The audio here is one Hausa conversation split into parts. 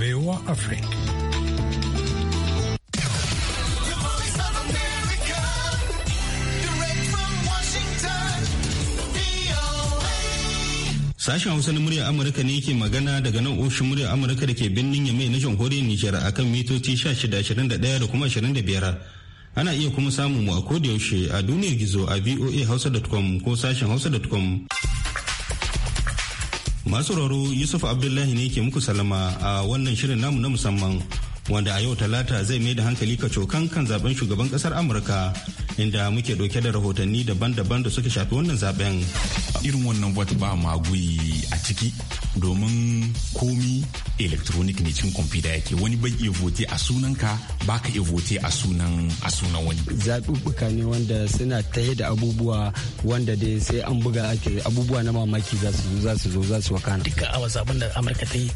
VOA Afrique. Sashen Hausa na muryar Amurka ne yake magana daga nan ofishin muryar Amurka da ke birnin Yamai na jamhuriyar Nijar akan mitoci 1621 da kuma 25. Ana iya kuma samun mu a kodayaushe a duniyar gizo a voa voahausa.com ko sashen hausa.com. Masu sauraro Yusuf Abdullahi ne ke muku salama a wannan shirin namu na musamman wanda a yau talata zai mai da hankali kacokan kan zaben shugaban kasar amurka inda muke dauke da rahotanni daban-daban da suka shafi wannan zaben irin wannan vote ba magoyi a ciki domin komi electronic ne cin kwamfuta yake wani bai iya vote a sunan ka ba ka iya vote a sunan a sunan wani zaɓuɓɓuka ne wanda suna ta da abubuwa wanda dai sai an buga ake abubuwa na mamaki za su zo za su zo za su wakana duka awa zaben da amurka ta yi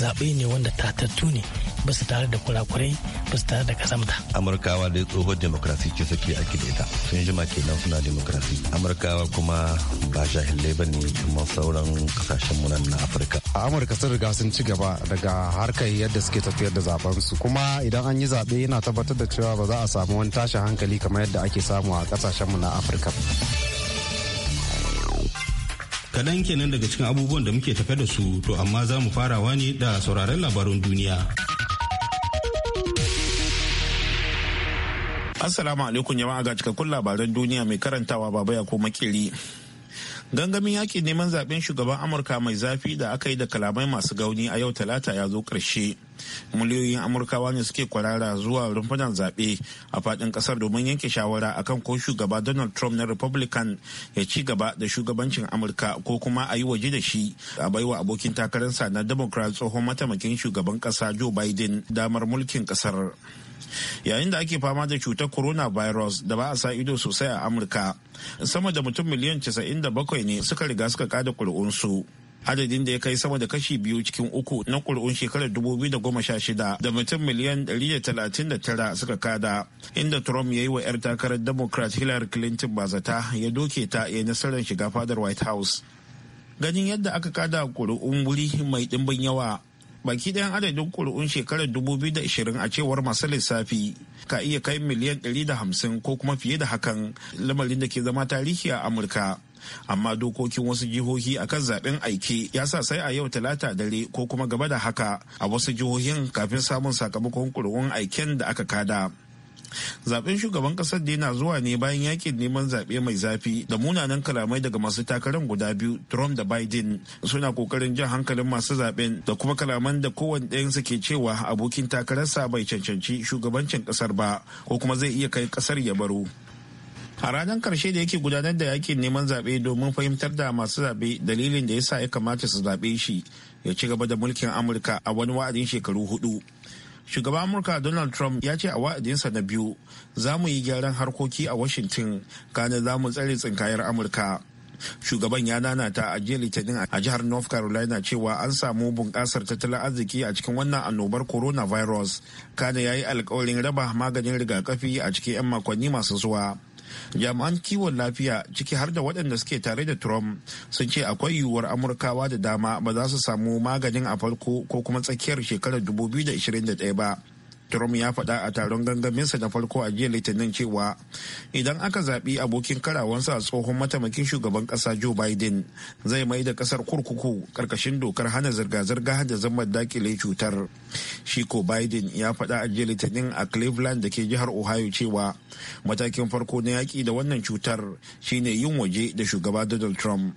zaɓe ne wanda tatattu ne ba su tare da kurakurai ba su tare da kasamta. amurkawa da tsohon demokrasi ce suke ake da ita sun jima kenan suna demokrasi amurkawa kuma ba jahilai ba ne kuma sauran kasashen mu na afirka a amurka sun riga sun ci gaba daga harkar yadda suke tafiyar da zaben su kuma idan an yi zaɓe yana tabbatar da cewa ba za a samu wani tashin hankali kamar yadda ake samu a kasashen mu na afirka kaɗan kenan daga cikin abubuwan da muke tafe da su to amma za mu farawa ne da sauraron labarun duniya. Assalamu alaikum jama'a ga cikakkun labaran duniya mai karantawa baba ya ko makiri. gangamin yakin neman zaben shugaban amurka mai zafi da aka yi da kalamai masu gauni a yau talata ya zo ƙarshe miliyoyin amurkawa ne suke kwarara zuwa rumfunan zaɓe a faɗin ƙasar domin yanke shawara akan ko shugaba donald trump na republican ya ci gaba da shugabancin amurka ko kuma a yi waje da shi a baiwa abokin takararsa na democrat tsohon mataimakin shugaban ƙasa joe biden damar mulkin ƙasar yayin da ake fama da cutar corona virus da ba a sa ido sosai a amurka sama da mutum miliyan 97 ne suka riga suka kada kuri'unsu adadin da ya kai sama da kashi biyu cikin uku na kuri'un shekarar 2016 da mutum miliyan 139 suka kada inda trump ya yi wa 'yar takarar democrat hillary clinton bazata ya doke ta ya nasarar shiga fadar white house ganin yadda aka kada kuri'un wuri mai dimbin yawa baki ɗayan adadin ƙuri'un shekarar 2020 a cewar masu lissafi ka iya kai miliyan 150 ko kuma fiye da hakan lamarin da ke zama tarihi a amurka amma dokokin wasu jihohi a kan zaɓen aike ya sa sai a yau talata dare ko kuma gaba da haka a wasu jihohin kafin samun sakamakon ƙuri'un aiken da aka kada zaben shugaban kasar da yana zuwa ne bayan yakin neman zaɓe mai zafi da munanan kalamai daga masu takarar guda biyu trump da biden suna kokarin jan hankalin masu zaben da kuma kalaman da kowane su ke cewa abokin takararsa bai cancanci shugabancin kasar ba ko kuma zai iya kai kasar ya baro a ranar karshe da yake gudanar da yakin neman zaɓe domin fahimtar da masu zaɓe dalilin da ya sa ya kamata su zaɓe shi ya ci gaba da mulkin amurka a wani wa'adin shekaru hudu shugaban amurka donald trump ya ce a wa'adinsa na biyu za mu yi gyaran harkoki a washington kana za mu tsare tsinkayar amurka shugaban ya nanata a jiya litinin a jihar north carolina cewa an samu bunƙasar tattalin arziki a cikin wannan annobar coronavirus kane ya yi alkawarin raba maganin rigakafi a cikin 'yan makonni masu zuwa jami'an kiwon lafiya ciki har da waɗanda suke tare da trump sun ce akwai yiwuwar amurkawa da dama ba za su samu maganin a farko ko kuma tsakiyar shekarar 2021 ba Trump ya faɗa a taron gangaminsa na farko a jiya Litinin cewa idan aka zaɓi abokin karawansa a tsohon mataimakin shugaban ƙasa Joe Biden zai mai da ƙasar kurkuku ƙarƙashin dokar hana zirga-zirga da zama dakile cutar. Shi ko Biden ya faɗa a jiya Litinin a Cleveland da ke jihar Ohio cewa matakin farko na yaƙi da wannan cutar shine yin waje da shugaba Donald Trump.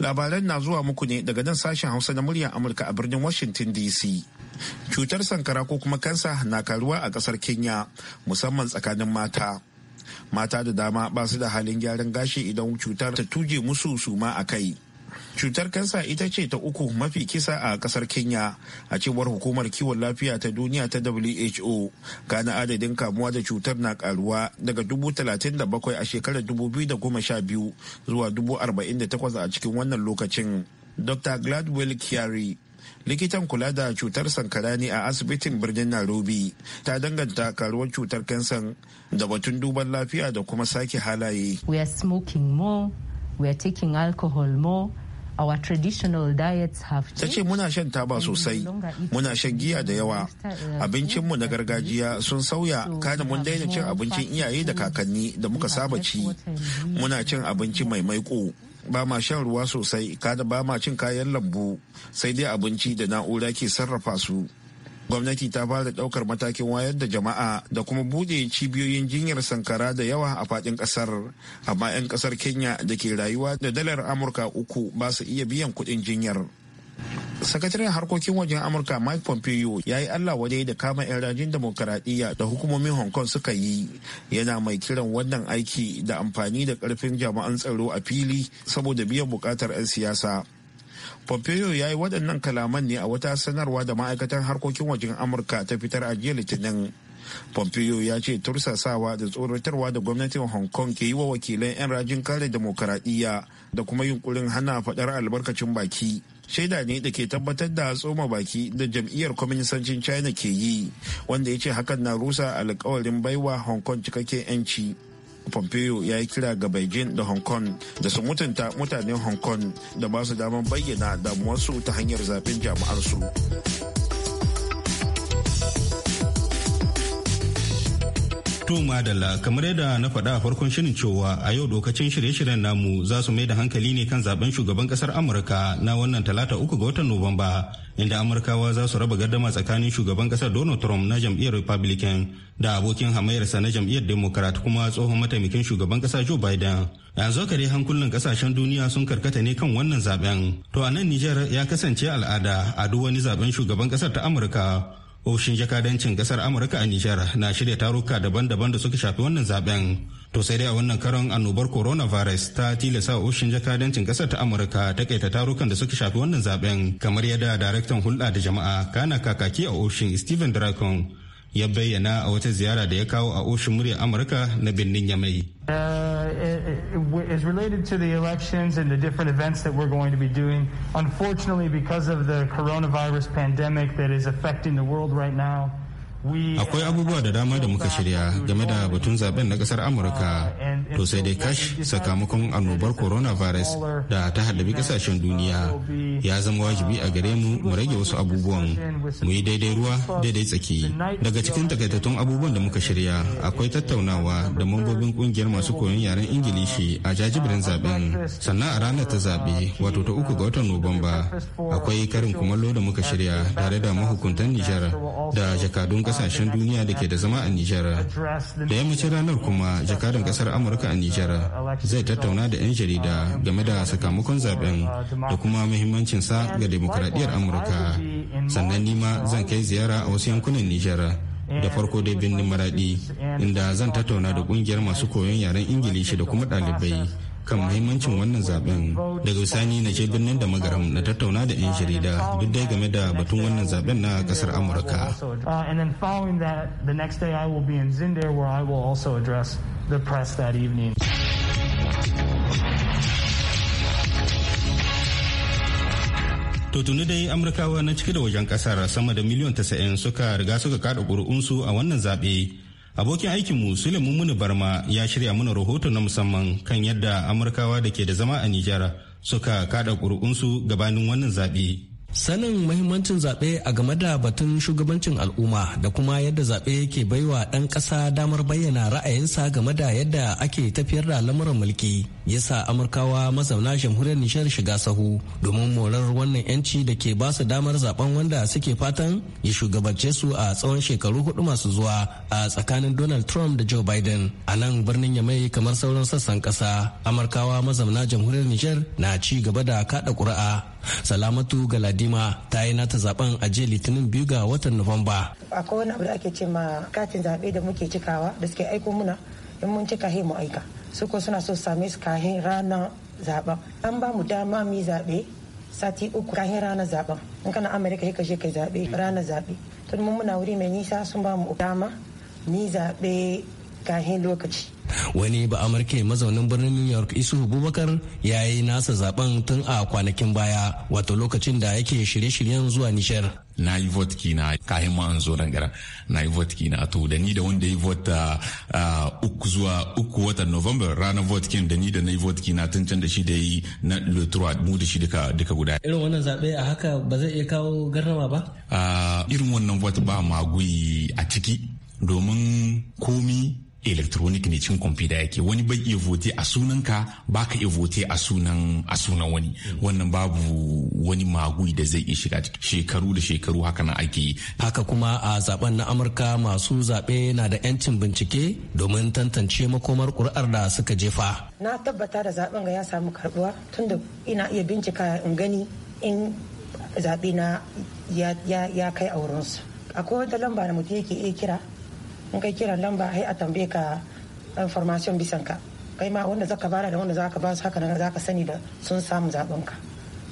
Labaran na zuwa muku ne daga nan sashen Hausa na muryar Amurka a birnin Washington DC. cutar sankara ko kuma kansa na karuwa a kasar kenya musamman tsakanin mata mata da dama ba su da halin gyaran gashi idan cutar ta tuje musu suma a kai cutar kansa ita ce ta uku mafi kisa a kasar kenya a cewar hukumar kiwon lafiya ta duniya ta who gana adadin kamuwa da cutar na karuwa daga 37 a shekarar 2012 zuwa 48 a cikin wannan lokacin dr gladwell kyari likitan kula da cutar sankara ne a asibitin birnin nairobi ta danganta karuwar cutar kansan da batun duban lafiya da kuma sake halaye we are smoking more we are taking alcohol more Ta ce muna shan taba sosai, muna shan giya da yawa, uh, abincinmu na gargajiya sun sauya kada mun daina cin abincin iyaye da kakanni da muka saba ci, muna cin abinci mai maiko. ba ma shan ruwa sosai kada ba ma cin kayan lambu sai dai abinci da na'ura ke sarrafa su gwamnati ta fara daukar matakin wayar da jama'a da kuma bude cibiyoyin jinyar sankara da yawa a fadin kasar amma 'yan kasar kenya da ke rayuwa da dalar amurka uku ba su iya biyan kudin jinyar sakataren harkokin wajen amurka mike pompeo ya yi allah waje da kama 'yan rajin demokaradiyya da hukumomin hong kong suka yi yana mai kiran wannan aiki da amfani da ƙarfin jama'an tsaro a fili saboda biyan bukatar 'yan siyasa pompeo ya yi waɗannan kalaman ne a wata sanarwa da ma'aikatan harkokin wajen amurka ta fitar a jiya litinin pompeo ya ce tursasawa da tsoratarwa da gwamnatin hong kong ke yi wa wakilan 'yan rajin kare demokaradiyya da kuma yunkurin hana faɗar albarkacin baki shaida ne da ke tabbatar da tsoma baki da jam'iyyar kwaminisancin china ke yi wanda ya ce hakan na rusa alkawarin baiwa hong kong cikakken 'yanci pompeo ya yi kira ga beijing da hong kong da su mutunta mutanen hong kong da ba su damar bayyana damuwarsu ta hanyar zafin jama'arsu. To Madalla kamar yadda na faɗa a farkon shirin cewa a yau dokacin shirye-shiryen namu za su mai da hankali ne kan zaben shugaban kasar Amurka na wannan talata uku ga watan Nuwamba inda Amurkawa za su raba gardama tsakanin shugaban kasar Donald Trump na jam'iyyar Republican da abokin hamayyarsa na jam'iyyar Democrat kuma tsohon mataimakin shugaban kasa Joe Biden. Yanzu kare hankulan kasashen duniya sun karkata ne kan wannan zaben. To a nan Nijar ya kasance al'ada a duk wani zaben shugaban kasar ta Amurka Ofishin jakadancin kasar Amurka a Nijar na shirya taruka daban-daban da suka shafi wannan zaben. To sai dai a wannan karon annobar coronavirus ta tilasa ofishin jakadancin kasar ta Amurka ta kaita tarukan da suka shafi wannan zaben kamar yadda daraktan hulɗa da jama'a kana kakaki a ofishin Steven Dracon ya bayyana a wata ziyara da ya kawo a amurka na birnin yamai uh, is related to the elections and the different events that we're going to be doing. Unfortunately, because of the coronavirus pandemic that is affecting the world right now, akwai abubuwa da dama da muka shirya game da batun zaben na kasar amurka to sai dai kash sakamakon annobar coronavirus da ta haddabi kasashen duniya ya zama wajibi a gare mu mu rage wasu abubuwan mu yi daidai ruwa daidai tsaki daga cikin takaitattun abubuwan da muka shirya akwai tattaunawa da mambobin kungiyar masu koyon yaren ingilishi a jajibirin zaben sannan a ranar ta zabe wato ta uku ga watan nuwamba akwai karin kumallo da muka shirya tare da mahukuntan nijar da jakadun kasashen duniya da ke da zama a Nijar. Da yammacin ranar kuma jakadan kasar Amurka a Nijar zai tattauna da 'yan jarida game da sakamakon zaben da kuma muhimmancinsa ga demokuraɗiyyar Amurka. Sannan nima zan kai ziyara a wasu yankunan Nijar. da farko dai birnin maradi inda zan tattauna da kungiyar masu koyon yaren ingilishi da kuma ɗalibai. kan mahimmancin wannan zaben daga bisani na ke birnin da magaram na tattauna da 'yan jarida duk dai game da batun wannan zaben na kasar amurka uh, To tuni dai Amurkawa na cike da wajen kasar sama da miliyan 90 suka riga suka kada ƙuri'unsu a wannan zaɓe Abokin aikinmu Suleiman Muni Barma ya shirya mana rahoto na musamman kan yadda Amurkawa da ke da zama a Nijar suka kada ƙuri'unsu gabanin wannan zaɓe. Sanin mahimmancin zaɓe a game da batun shugabancin al'umma da kuma yadda zaɓe ke baiwa ɗan ƙasa damar bayyana ra'ayinsa game da yadda ake tafiyar da lamuran mulki ya sa Amurkawa mazauna jamhuriyar nishar shiga sahu domin morar wannan 'yanci da ke ba su damar zaben wanda suke fatan ya shugabance su a tsawon shekaru hudu masu zuwa a tsakanin Donald Trump da Joe Biden. A nan birnin ya mai kamar sauran sassan ƙasa, Amurkawa mazauna jamhuriyar Nijar na ci gaba da kaɗa ƙuri'a salamatu ga ladima ta yi nata zaben a jiya litinin biyu ga watan nuwamba akwai wani abu da ake ce ma katin zaɓe da muke cikawa da suke aiko muna in mun cika hei mu aika su ko suna so same su kahin ranar zaɓen an ba mu dama mu zaɓe sati uku kahin ranar zaben in kana amurka ka je kai zaɓe rana zaɓe tun mun muna wuri mai nisa sun ba mu dama ni zaɓe kahin lokaci wani ba amurke mazaunin birnin new york isu abubakar ya yi nasa zaben tun a kwanakin baya wato lokacin da yake shirye-shiryen zuwa nishar na yi vote kina kayan ma'an an zo nan gara na yi vote kina to da ni da wanda yi vote ah, ah, uku zuwa uku watan november ranar vote kin da ni da na yi vote kina tun can da shi da yi na lutura mu da shi duka duka guda irin wannan zaɓe a haka ba zai iya kawo garnama ba ah, irin wannan vote ba magui a ciki domin komi electronic ne cikin kwamfuta yake wani bai iya vote a sunanka baka iya vote a sunan a sunan wani wannan babu wani magui da zai iya shiga shekaru da shekaru haka na ake yi haka kuma a zaben na amurka masu zaɓe na da 'yancin bincike domin tantance makomar ƙuri'ar da suka jefa na tabbata da zaben ga ya samu karbuwa tunda ina iya bincika in gani in zaɓe na ya kai a wurinsu akwai wata lamba da mutum yake iya kira in kai kiran lamba a a tambaye ka information bisan ka kai ma wanda zaka bara da wanda zaka ba su haka nan zaka sani da sun samu zaben ka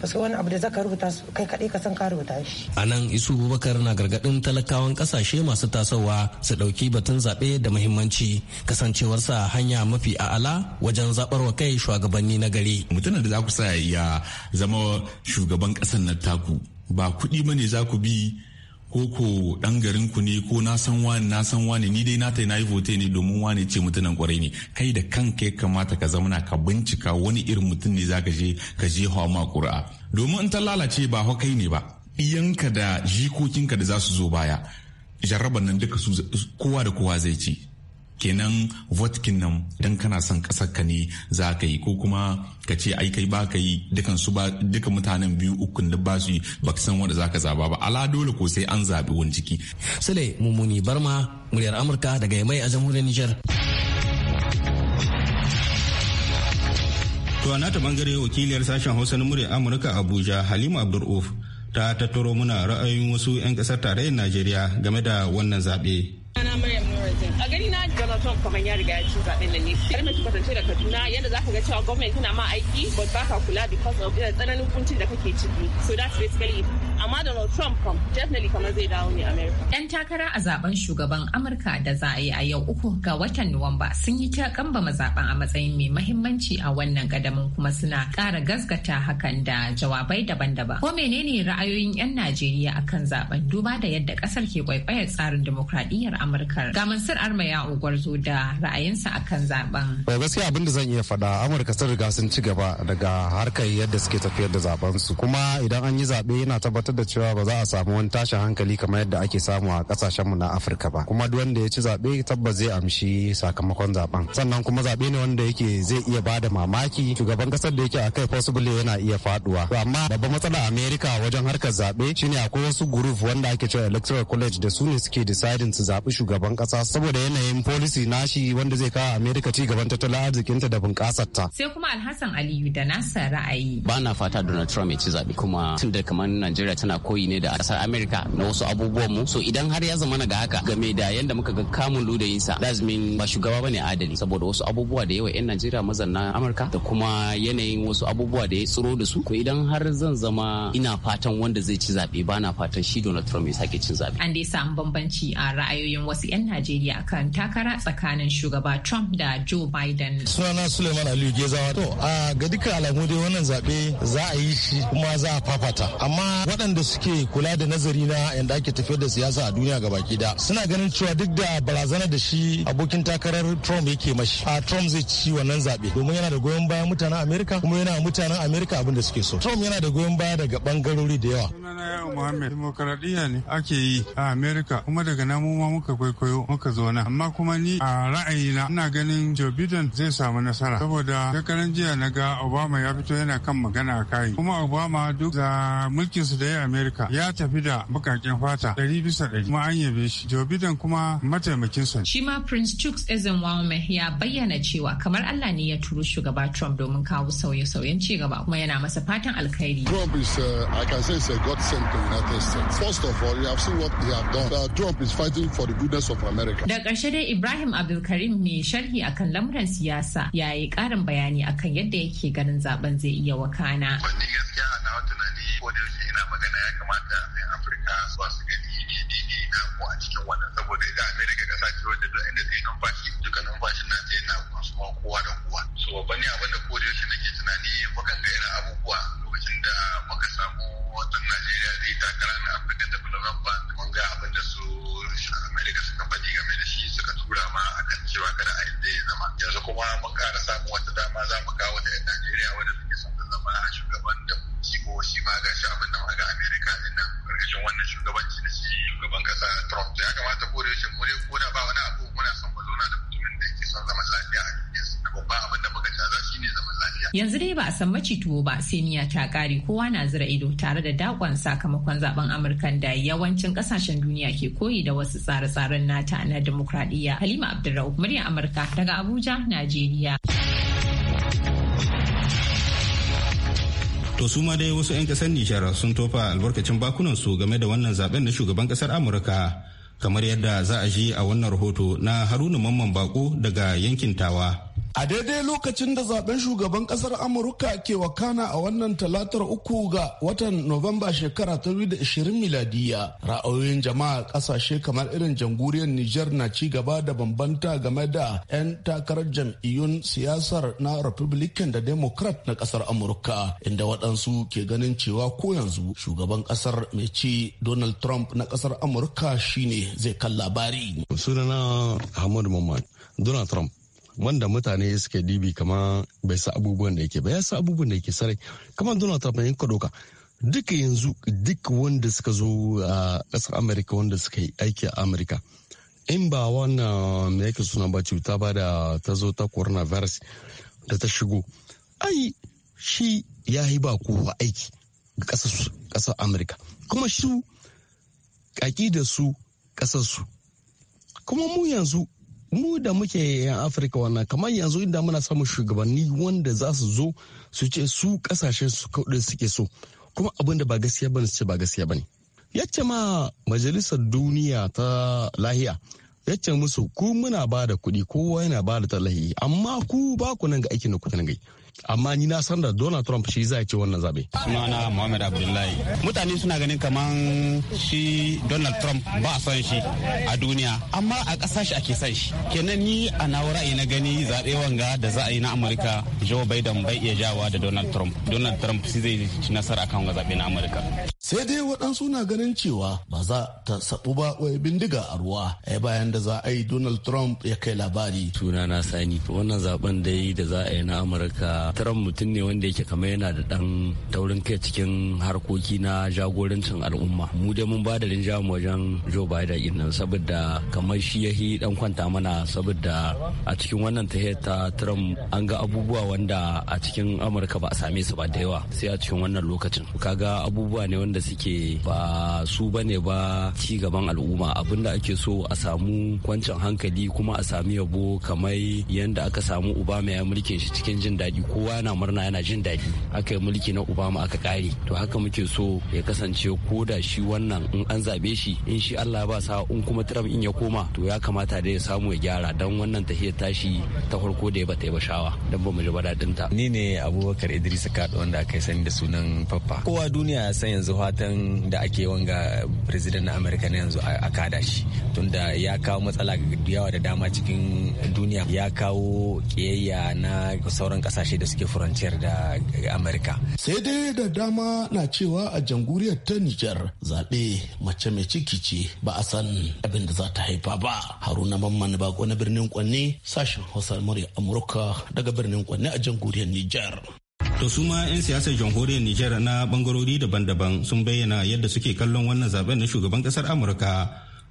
basu wani abu da zaka rubuta su kai kaɗai ka san ka rubuta shi. A nan Isu Bubakar na gargaɗin talakawan kasashe masu tasowa su ɗauki batun zaɓe da muhimmanci kasancewarsa hanya mafi a'ala wajen zaɓar wa kai shugabanni na gari. Mutumin da za ku sa ya zama shugaban ƙasar nan taku ba kuɗi ne za ku bi ko ko dan garin ku ne ko na san wani na san wani ni dai na tai yi vote ne domin wani ce mutunan kwarai ne kai da kanka ya kamata ka zamana ka bincika wani irin mutum ne zaka je ka je hawa ma qur'a domin in ta lalace ba fa kai ne ba iyanka da jikokinka da za su zo baya jarraban nan duka su kowa da kowa zai ci kenan votkin nan dan kana son kasar ka ne za ka yi ko kuma ka ce ai kai ba ka yi dukan mutanen biyu ukun da ba su yi ba san wanda za ka zaba ba ala dole ko sai an zabi wani ciki sule mummuni barma muryar amurka daga yamai a jamhuriyar niger To ta bangare wakiliyar sashen Hausa na muryar Amurka Abuja Halima Abdur'uf ta tattaro muna ra'ayin wasu 'yan kasar tarayyar Najeriya game da wannan zaɓe. Ana Maryam A gani na Donald Trump kamar ya riga ya ci zaɓen nan ne. Kar mace kwatance da Kaduna yadda za ka ga cewa gwamnati tana ma aiki but ba ka kula because of irin tsananin kuncin da kake ciki. So that's basically it. Amma Donald Trump kam definitely kamar zai dawo ne America. Yan takara a zaben shugaban Amurka da za a yi a yau uku ga watan Nuwamba sun yi ta kamba mazaɓen a matsayin mai mahimmanci a wannan kadamin kuma suna ƙara gasgata hakan da jawabai daban-daban. Ko menene ra'ayoyin 'yan Najeriya akan zaben duba da yadda ƙasar ke kwaikwayar tsarin dimokuraɗiyyar Amurka? Amurka. Ga Mansur ya Ogwarzo da ra'ayinsa kan zaben. Bai eh, gaskiya abin da zan iya faɗa Amurka sun riga sun ci gaba daga harkar yadda suke tafiyar da zaben su kuma idan an yi zaɓe yana tabbatar da cewa ba za a samu wani tashin hankali kamar yadda ake samu a kasashen mu na Afirka ba. Kuma duk wanda ya ci zaɓe tabbas zai amshi sakamakon zaben. Sannan kuma zaɓe ne wanda yake zai iya bada mamaki shugaban kasar da yake a kai possibly yana iya faduwa. Amma babban matsala Amerika wajen harkar zaɓe shine akwai wasu group wanda ake cewa electoral college da su ne suke deciding su zaɓi zaɓi shugaban ƙasa saboda yanayin policy nashi wanda zai kawo Amerika ci gaban tattalin arzikinta da ta. Sai kuma Alhassan Aliyu da nasa ra'ayi. Ba na fata Donald Trump ya ci zaɓe kuma tun da kamar Najeriya tana koyi ne da ƙasar Amerika na wasu abubuwan mu. So idan har ya zama ga haka game da yadda muka ga kamun ludayinsa lazimin ba shugaba ba ne adali saboda wasu abubuwa da yawa 'yan Najeriya mazanna Amurka da kuma yanayin wasu abubuwa da ya tsiro da su. Ko idan har zan zama ina fatan wanda zai ci zaɓe ba na fatan shi Donald Trump ya sake cin zaɓe. An dai samu bambanci a ra'ayoyin ra'ayin wasu 'yan Najeriya akan takara tsakanin shugaba Trump da Joe Biden. Sunana Suleiman Aliyu Gezawa. To, a ga duka alamu dai wannan zaɓe za a yi shi kuma za a fafata. Amma waɗanda suke kula da nazari na yanda ake tafiyar da siyasa a duniya gabaki da suna ganin cewa duk da barazana da shi abokin takarar Trump yake mashi. A Trump zai ci wannan zaɓe domin yana da goyon bayan mutanen Amerika kuma yana mutanen Amerika abin da suke so. Trump yana da goyon baya daga bangarori da yawa. Sunana Muhammad, dimokuraɗiyya ne ake yi a Amerika kuma daga namu ma muka muka kwaikwayo muka zauna amma kuma ni a ra'ayina ina ganin Joe Biden zai samu nasara saboda shekaran jiya na ga Obama ya fito yana kan magana a kai kuma Obama duk da mulkin su da ya Amerika ya tafi da bukakin fata ɗari bisa ɗari kuma an yabe shi Joe Biden kuma mataimakin sa shi ma Prince Chuks Ezenwaume ya bayyana cewa kamar Allah ne ya turo shugaba Trump domin kawo sauye-sauyen ci gaba kuma yana masa fatan alkhairi Trump is uh, I can say god to United States first of all you have seen what he have done uh, Trump is fighting for the Judas of America. Da ƙarshe dai Ibrahim Abdulkarim mai sharhi akan lamuran siyasa ya yi ƙarin bayani akan yadda yake ganin zaben zai iya wakana. Wani gaskiya nawa tunani ko da yake ina magana ya kamata yan afirka su su gani menene na ko a cikin wannan saboda da Amerika kasa ce wadda duk inda yi numfashi duka numfashin na na yana kuma kowa da kowa so babban ne abin da ko da yake nake tunani mukan ga irin abubuwa lokacin da muka samu watan najeriya zai takara na afirka da bulaban bank mun ga abin da su Amerika suka faɗi game da shi suka tura ma akan cewa kada a yadda ya zama yanzu kuma mun ƙara wata dama za mu kawo ta yan najeriya wanda suke son zama shugaban da kibo shi ma ga shi abin da ma ga amerika din nan karkashin wannan shugabanci da shi shugaban kasa trump ya kamata ko da yake mu dai ko da ba wani abu muna son mu zauna da mutumin da yake son zaman lafiya a duniya babban abin da muka caza shi ne zaman lafiya. yanzu dai ba a san maci tuwo ba sai miya ta kare kowa na zira ido tare da dakon sakamakon zaben amurkan da yawancin kasashen duniya ke koyi da wasu tsare-tsaren nata na demokradiyya halima abdulrahman murya amurka daga abuja najeriya. To su ma dai wasu 'yan kasar Nijar sun tofa albarkacin bakunansu game da wannan zaben na shugaban kasar Amurka kamar yadda za a ji a wannan rahoto na Haruna Mamman Bako daga yankin Tawa. A daidai lokacin da zaben shugaban kasar Amurka ke wakana a wannan talatar uku ga watan Nuwamba shekara ta ashirin miladiya, ra'ayoyin jama'a kasashe kamar irin jamhuriyar Nijar na ci gaba da bambanta game da 'yan takarar jam'iyyun siyasar na Republican da Democrat na kasar Amurka, inda waɗansu ke ganin cewa ko yanzu shugaban kasar mai ci Donald Trump na kasar Amurka shine zai kan labari. Sunana Ahmad Mamman, Donald Trump wanda mutane suke dibi kama bai sa abubuwan da yake ba ya sa abubuwan da yake sarai kamar donald trump yanka doka duka yanzu duk wanda suka zo a ƙasar amerika wanda suka yi aiki a amerika in ba wannan mai yake suna ba cuta ba da ta zo ta coronavirus da ta shigo ai shi ya yi ba kowa aiki ga ƙasar amurka kuma su ƙaƙi da su su. kuma mu yanzu mu da muke yan afirka wannan kamar yanzu inda muna samun shugabanni wanda za su zo su ce su kasashen su kaɗe suke so kuma abin da ba gaskiya bane su ce ba gaskiya bane yacce ma majalisar duniya ta lahiya yacce musu ku muna ba da kuɗi kowa yana ba da tallahi amma ku ba ku nan ga aikin da ku nan gai amma ni na san da donald trump shi zai ce wannan zabe sunana muhammad abdullahi mutane suna ganin kaman shi donald trump ba son shi a duniya amma a shi ake son shi kenan ni a nawa ra'ayi na gani zaɓe wanga da za a yi na amurka joe biden bai iya jawa da donald trump donald trump shi zai ci nasara kan wanga zaɓe na amurka sai dai waɗansu na ganin cewa ba za ta saɓu ba wai bindiga a ruwa ai eh, bayan da za a yi donald trump ya kai labari sunana sani wannan zaben dai da za a yi na amurka da mutum ne wanda yake kamar yana da dan taurin kai cikin harkoki na jagorancin al'umma mu dai mun ba da mu wajen Joe da din nan saboda kamar shi yahi dan kwanta mana saboda a cikin wannan tahiyar ta Trump an ga abubuwa wanda a cikin Amurka ba a same su ba da yawa sai a cikin wannan lokacin kaga abubuwa ne wanda suke ba su bane ba ci gaban al'umma da ake so a samu kwancin hankali kuma a sami yabo kamar yadda aka samu Obama ya mulki shi cikin jin daɗi ko kowa yana murna yana jin daɗi aka yi mulki na obama aka kare to haka muke so ya kasance ko da shi wannan in an zaɓe shi in shi allah ba sa in kuma trump in ya koma to ya kamata da ya samu ya gyara don wannan tahiyar tashi ta farko da ya bata yi bashawa don ba mu ji daɗin ta ni ne abubakar idris kaɗo wanda aka yi sani da sunan faffa kowa duniya ya san yanzu fatan da ake wanga president na america na yanzu a kada shi tunda ya kawo matsala yawa da dama cikin duniya ya kawo kiyayya na sauran kasashe da suke furanciyar da amurka sai dai da dama na cewa a janguriyar ta nijar zaɓe mace mai ciki ce ba a san abin da za ta haifa ba haruna mamman bako na birnin kwanne sashen hausa murya amurka daga birnin kwanne a janguriyar nijar To su ma 'yan siyasar jamhuriyar Nijar na bangarori daban-daban sun bayyana yadda suke kallon wannan zaben na shugaban kasar Amurka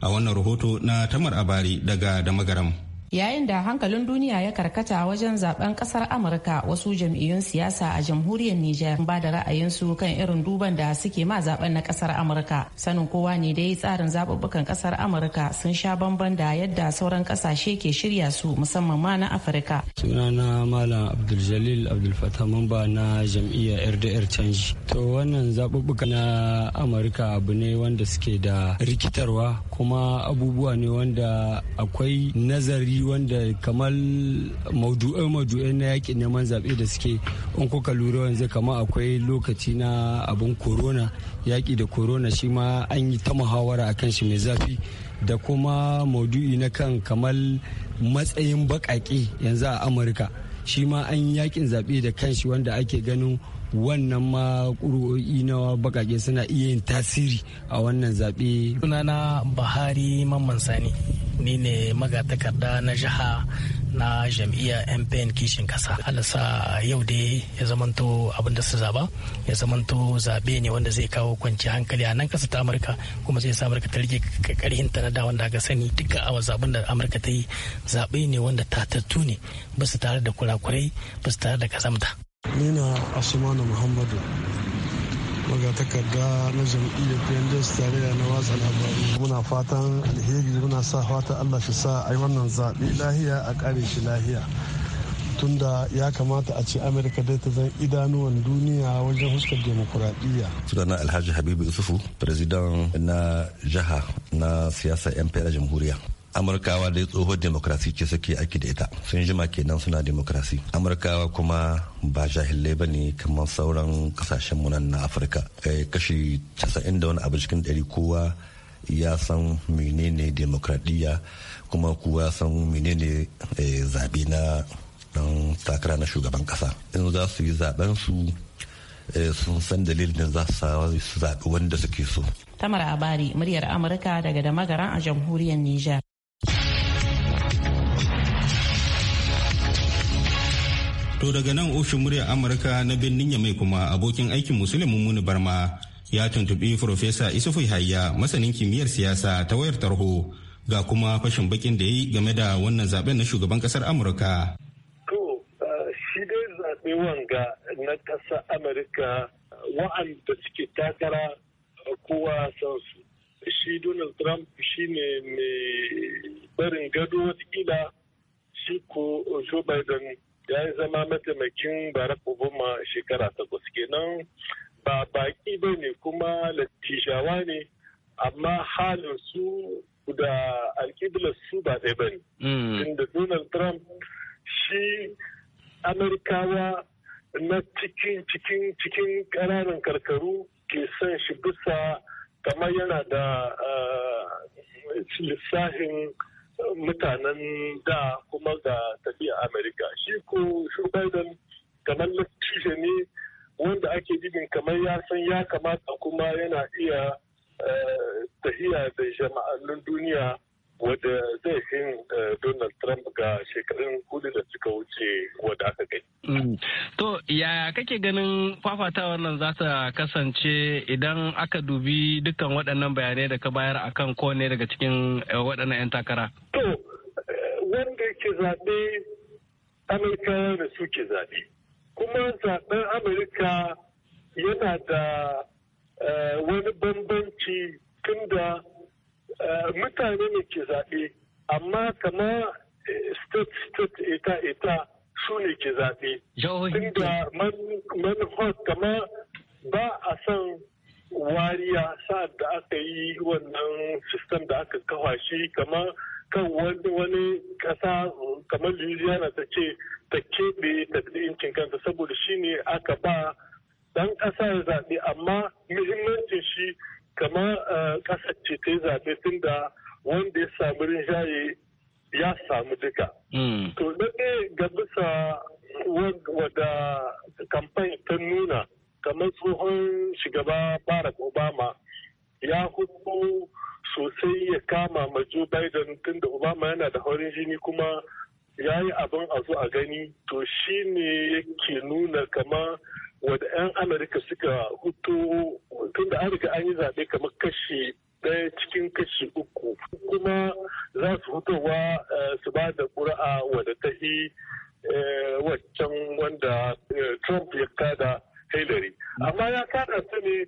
a wannan rahoto na Tamar Abari daga Damagaram. yayin da hankalin duniya ya karkata wajen zaben kasar amurka wasu jam'iyyun siyasa a jamhuriyar niger ba da ra'ayinsu kan irin duban da suke ma zaben na kasar amurka sanin kowa ne dai tsarin zaɓuɓɓukan kasar amurka sun sha bamban da yadda sauran ƙasashe ke shirya su musamman ma na afirka sunana malam abdul abdulfatah mamba na jam'iyyar rdr canji to wannan zaɓuɓɓuka na amurka abu ne wanda suke da rikitarwa kuma abubuwa ne wanda akwai nazari wanda kamar maudu'ai-maudu'ai na yakin neman zaɓe da suke in kuka lura yanzu kamar akwai lokaci na abin korona yaƙi da korona shi ma an yi ta muhawara a kan shi mai zafi da kuma maudu'i na kan kamar matsayin baƙaƙe yanzu a amurka shi ma an yi yakin zaɓe da kanshi wanda ake ganin wannan ma ƙuri'o'i na baƙaƙe suna iya yin tasiri a wannan zaɓe. sunana bahari mamman sani ni ne magatakarda na jiha na jam'iyya mpn kishin kasa alasa yau dai ya zamanto abin da su zaba ya zamanto zabe ne wanda zai kawo kwanci hankali a nan kasa ta amurka kuma zai sa amurka ta rike karhin ta na da wanda aka sani duka awa zaben da amurka ta yi zabe ne wanda tattu ne ba su tare da kurakurai ba su tare da kazamta ni na asumanu muhammadu magatakarda na jam'iyyar pnds tarayya na watsa labari muna fatan alheri muna sa fata allah shi sa a yi wannan zaɓe lahiya a ƙare shi lahiya tunda ya kamata a ce amurka dai ta zan idanuwan duniya wajen huskar demokuraɗiyya. sunana alhaji habibu yusufu president na jiha na siyasa yan jamhuriya amurkawa da tsohon demokrasi ce suke aiki da ita sun jima kenan suna demokrasi amurkawa kuma ba jahilai ba ne kamar sauran kasashen nan na afirka eh, kashi 90 da wani abu cikin ɗari kowa ya san menene demokradiyya kuma kowa ya san menene eh, zabe na dan takara na shugaban kasa in za su yi zaben su eh, sun san dalilin za su zaɓi wanda suke so. Tamar Abari, muryar Amurka daga damagaran a jamhuriyar Nijar. To daga nan ofishin muryar Amurka na birnin mai kuma abokin aikin Musulun muni Barma ya tuntuɓi Profesa Isufu Hayya masanin kimiyyar siyasa ta wayar tarho ga kuma fashin bakin da ya yi game da wannan zaben na shugaban kasar Amurka. To eh, shi dai zaɓe wanga na kasar Amurka wa'anda suke takara eh, kowa san su. Shi Donald Trump shi ne mai barin gado watakila shi ko Joe Biden ya zama mataimakin Barack Obama shekara takwas kenan ba baki ba ne kuma latishawa ne amma halin su da alkiblar su ba ɗaya ba ne. Inda mm. Donald Trump shi Amerikawa na cikin cikin cikin ƙananan karkaru ke son shi bisa kamar yana da ah, lissafin. mutanen da kuma ga tafiya amerika shi ko shugaban kamar lastishe ne wanda ake jibin kamar ya san ya kamata kuma yana iya eh, tafiya da jama'annin duniya wadda zai fi eh, Donald Trump ga shekarun hudu da suka wuce wadda aka gani. Mm. To, yaya kake ganin fafatawar nan za ta kasance idan aka dubi dukkan waɗannan bayanai da ka bayar a kan kone daga cikin eh, waɗannan 'yan takara? To, eh, wanda ke zaɓe Amurkawa da suke zaɓe. Kuma zaɓen Amurka yana da wani bambanci tun da Eh, mutane ne ke zaɓe amma kama eh, state state ita ita su ne ke zaɓe. inda manufar kama ba a san wariya sa'ad da aka yi wannan system da aka kafa shi kama kan wani wani kasa kamar louisiana ta ce ta keɓe ta incin kanta saboda shi ne aka ba dan kasa ya zaɓe amma muhimmancin shi kama eh, kasa ce ta yi zaɓe tun da wanda ya samu rinjaye ya samu duka. Hmm. To ɗaya ga bisa wadda kamfani ta nuna kamar tsohon shugaba Barack Obama ya hudu sosai ya kama ma Joe Biden da Obama yana da horin jini kuma ya yi abin a zo a gani to shi ne yake nuna kama wadda 'yan amurka suka hutu tun da an riga an yi zaɓe kamar kashi ɗaya cikin kashi uku kuma za su hutowa eh, su ba da ƙuri'a wadda ta yi eh, waccan wanda eh, trump ya kada hillary amma ya kada ta ne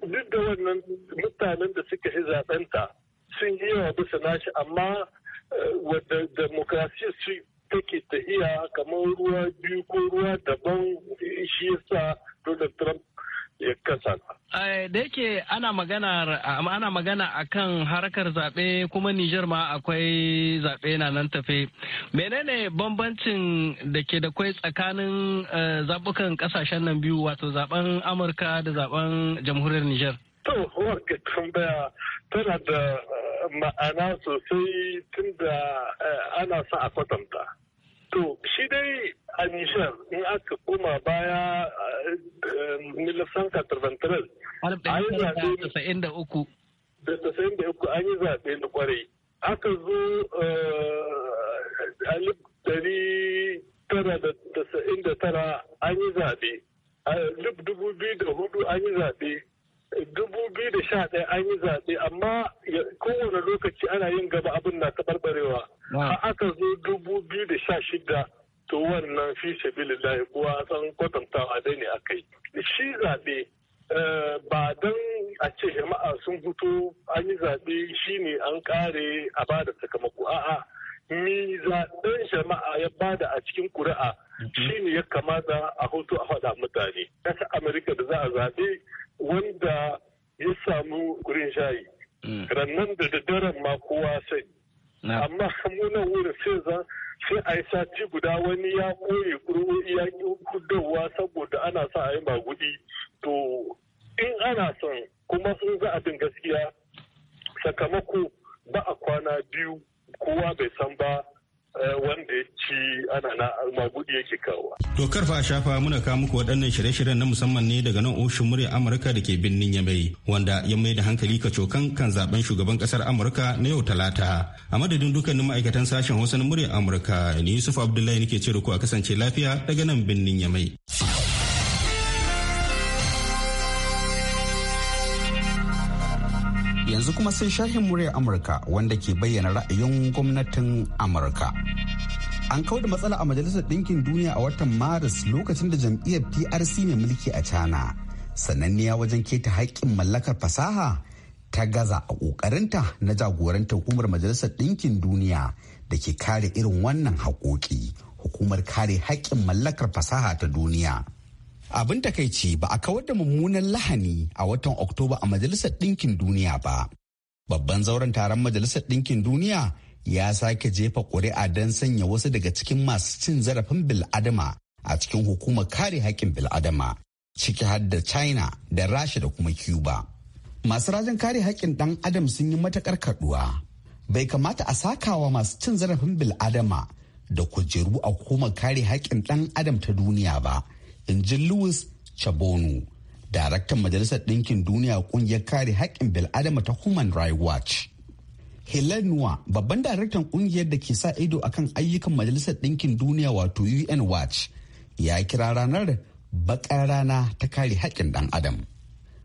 duk da wannan mutanen da suka yi zaɓenta sun yi yawa bisa nashi amma wadda su take ta iya kamar ruwa biyu ko ruwa daban shi yasa Donald Trump ya kasa. Eh, da yake ana magana a kan harkar zaɓe kuma Nijar ma akwai zaɓe na nan tafe. Menene bambancin da ke da kwai tsakanin eh, zaɓukan ƙasashen nan biyu wato zaɓen Amurka da zaɓen jamhuriyar Nijar? To, wanka tambaya tana da eh, ma'ana sosai tunda ana sa a kwatanta. To, shi dai a Nijar in aka koma baya 1993. Eh, eh, an yi zaɓe da uku. Da uku an yi zaɓe na kwarai. Aka zo eh, alif dari tara da tasa'in da tara an yi zaɓe. Alif dubu biyu da hudu an yi zaɓe. Dubu biyu da sha ɗaya an yi zaɓe amma kowane lokaci ana yin gaba abin na taɓarɓarewa. har aka zo dubu biyu da sha shida to wannan fi sabilillahi kuwa san kwatantawa dai ne akai shi zaɓe eh, ba don a ce jama'a sun fito an yi zaɓe shine an ƙare a ba da sakamako a'a mi zaɓen jama'a ya bada a cikin kuri'a mhm. shine ya kamata a hoto a faɗa mutane ƙasar amerika da za a zaɓe wanda ya samu gurin shayi mm. rannan da daddaren ma kowa sai amma muna wurin sai zan sai a yi sati guda wani ya koye kurwo ya ƙi kudowa saboda ana sa a yi magudi to in ana son kuma sun za a gaskiya sakamako ba a kwana biyu kowa bai san ba Eh, wanda ya ci ana na ya yake kawo. Dokar fa shafa muna kawo muku waɗannan shirye-shiryen na musamman ne daga nan ofishin murya Amurka da ke birnin Yamai wanda ya mai da hankali kacokan kan zaben shugaban ƙasar Amurka na yau Talata. A madadin dukkanin ma'aikatan sashen Hausa na murya Amurka ni Yusuf Abdullahi nake ce ku a kasance lafiya daga nan birnin Yamai. yanzu kuma sai sharhin muryar amurka wanda ke bayyana ra'ayin gwamnatin amurka an kawo matsala a majalisar ɗinkin duniya a watan maris lokacin da jam'iyyar prc mai mulki a china sananniya wajen keta haƙƙin mallakar fasaha ta gaza a ƙoƙarinta na jagorantar hukumar majalisar ɗinkin duniya da ke kare irin wannan haƙoƙi hukumar kare haƙƙin mallakar fasaha ta duniya abin takaici ba a kawar da mummunan lahani a watan oktoba a majalisar ɗinkin duniya ba babban zauren taron majalisar ɗinkin duniya ya sake jefa ƙuri'a don sanya wasu daga cikin masu cin zarafin bil'adama a cikin hukumar kare haƙƙin bil'adama ciki har da china da rasha da kuma cuba masu rajin kare haƙƙin ɗan adam sun yi matukar kaɗuwa bai kamata a sakawa masu cin zarafin bil'adama da kujeru a hukumar kare haƙƙin ɗan adam ta duniya ba in ji louis chabonu daraktan majalisar ɗinkin duniya ƙungiyar kare haƙƙin bil'adama ta human rights watch Helen babban daraktan ƙungiyar da ke sa ido akan ayyukan majalisar ɗinkin duniya wato un watch ya kira ranar baƙar rana ta kare haƙƙin ɗan adam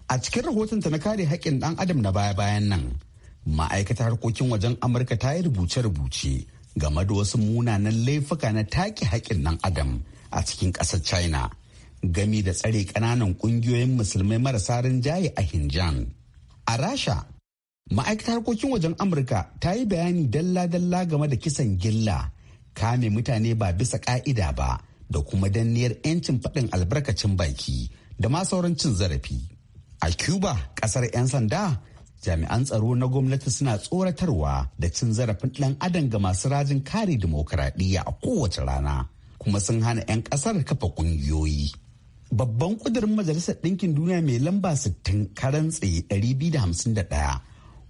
a cikin rahotonta na kare haƙƙin ɗan adam na baya-bayan nan ma'aikatar harkokin wajen amurka ta yi rubuce-rubuce game da wasu munanan laifuka na take haƙƙin ɗan adam a cikin ƙasar china gami da tsare ƙananan ƙungiyoyin musulmai marasa rinjaye a Hinjan. A Rasha, ma'aikatar harkokin wajen Amurka ta yi bayani dalla-dalla game da kisan gilla, kame mutane ba bisa ƙa'ida ba, da kuma danniyar 'yancin faɗin albarkacin baki da ma sauran cin zarafi. A Cuba, ƙasar 'yan sanda, jami'an tsaro na gwamnati suna tsoratarwa da cin zarafin ɗan adam ga masu rajin kare dimokuraɗiyya a kowace rana kuma sun hana 'yan ƙasar kafa ƙungiyoyi. babban ƙudurin majalisar ɗinkin duniya mai lamba 60 karan tsaye 251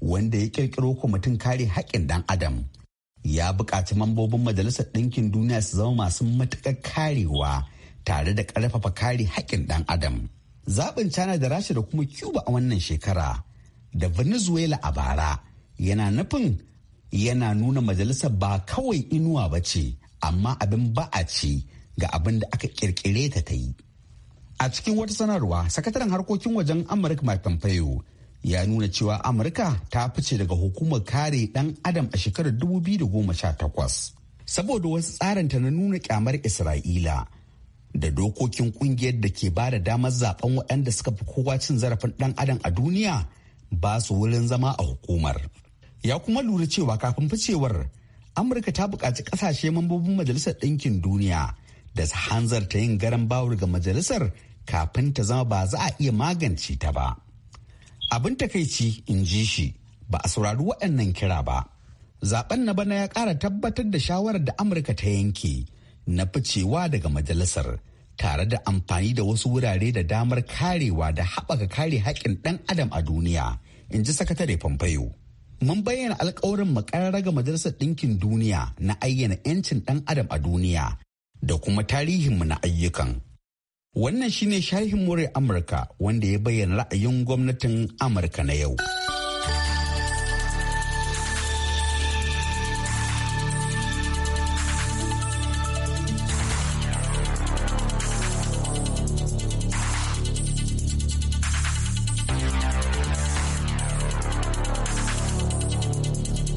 wanda ya ƙirƙiro kwamitin kare haƙƙin ɗan adam ya buƙaci mambobin majalisar ɗinkin duniya su zama masu matuƙar karewa tare da ƙarfafa kare haƙƙin ɗan adam zaɓin china da rasha da kuma cuba a wannan shekara da venezuela a bara yana nufin yana nuna majalisar ba kawai inuwa ba ce amma abin ba a ce ga abin da aka ƙirƙire ta ta yi A cikin wata sanarwa, sakataren harkokin wajen Amurka Mike Pompeo ya nuna cewa Amurka ta fice daga hukumar kare dan adam a shekarar 2018. Saboda wasu tsarinta na nuna kyamar Isra'ila da dokokin kungiyar da ke ba da damar zaben waɗanda suka fi kowa cin zarafin dan adam a duniya ba su wurin zama a hukumar. Ya kuma lura cewa kafin ficewar Amurka ta buƙaci ƙasashe mambobin Majalisar Ɗinkin Duniya da su hanzarta yin garan bawur ga majalisar kafin ta zama ba za a iya magance ta ba. Abin takaici in ji shi ba a saurari waɗannan kira ba. Zaben na bana ya ƙara tabbatar da shawarar da Amurka ta yanke na ficewa daga majalisar tare da amfani da wasu wurare da damar karewa da haɓaka kare haƙƙin ɗan adam a duniya, in ji sakatare Pompeo. mun bayyana alkawarin makarar ga majalisar ɗinkin duniya na ayyana 'yancin ɗan adam a duniya da kuma tarihinmu na ayyukan Wannan shine shahin more Amurka wanda ya bayyana ra'ayin gwamnatin Amurka na yau.